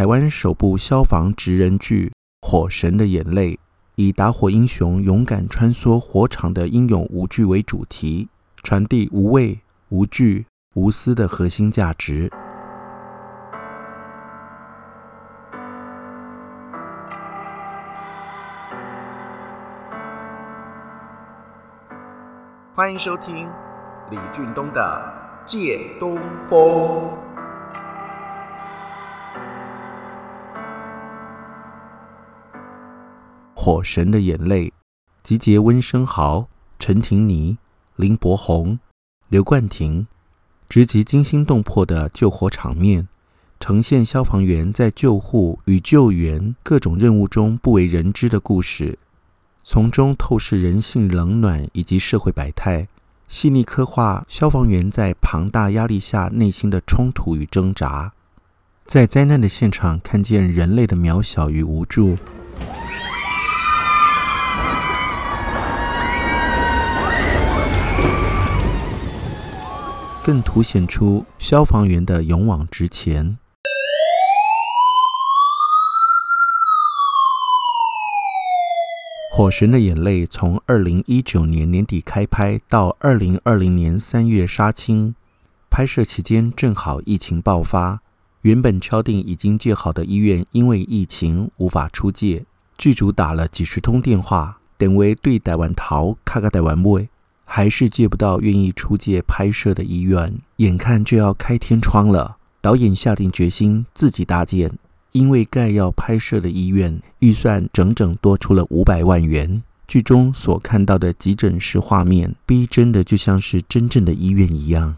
台灣首部消防職人劇《火神的眼淚》，以打火英雄勇敢穿梭火場的英勇無懼為主題，傳遞無畏、無懼、無私的核心價值。歡迎收聽李俊東的《借東風》。火神的眼淚，集結溫升豪、陳庭妮、林柏宏、劉冠廷，直擊驚心動魄的救火場面，呈現消防員在救護與救援各種任務中不為人知的故事，從中透視人性冷暖以及社會百態，細膩刻畫消防員在龐大壓力下內心的衝突與掙扎，在災難的現場看見人類的渺小與無助。更凸顯出消防員的勇往直前。《火神的眼淚》從二零一九年年底開拍到二零二零年三月殺青，拍攝期間正好疫情爆發，原本敲定已經借好的醫院因為疫情無法出借，劇組打了幾十通電話，等為對台灣逃，卡卡台灣摸還是借不到願意出借拍攝的醫院，眼看就要開天窗了。導演下定決心自己搭建，因為蓋要拍攝的醫院預算整整多出了五百萬元。劇中所看到的急診室畫面逼真的，就像是真正的醫院一樣。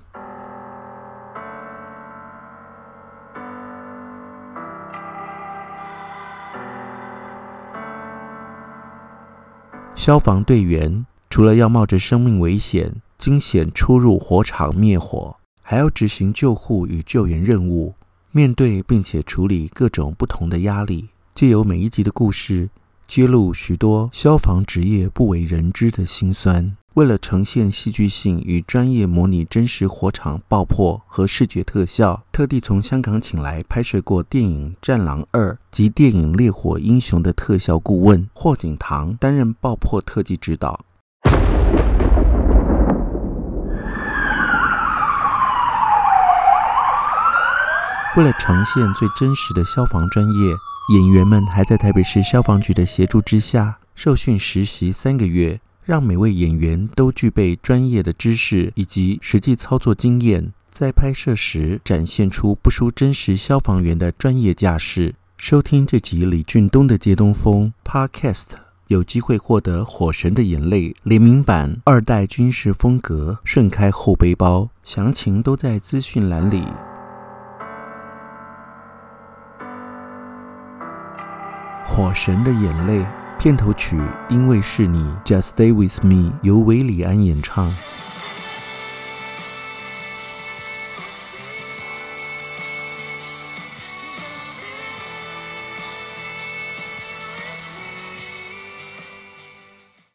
消防隊員。除了要冒着生命危險、驚險出入火場滅火，還要執行救護與救援任務，面對並且處理各種不同的壓力。借由每一集的故事，揭露許多消防職業不為人知的辛酸。為了呈現戲劇性與與專業，模擬真實火場爆破和視覺特效，特地從香港請來拍攝過電影《戰狼二》及電影《烈火英雄》的特效顧問霍景棠擔任爆破特技指導。為了呈現最真實的消防專業，演員們還在台北市消防局的協助之下受訓實習三個月，讓每位演員都具備專業的知識以及實際操作經驗，在拍攝時展現出不輸真實消防員的專業架勢。收聽這集李俊東的借東風 Podcast，有機會獲得《火神的眼淚》聯名版二代軍事風格瞬開後背包，詳情都在資訊欄裡。《火神的眼淚》片頭曲，因為是你，Just Stay With Me，由韋禮安演唱。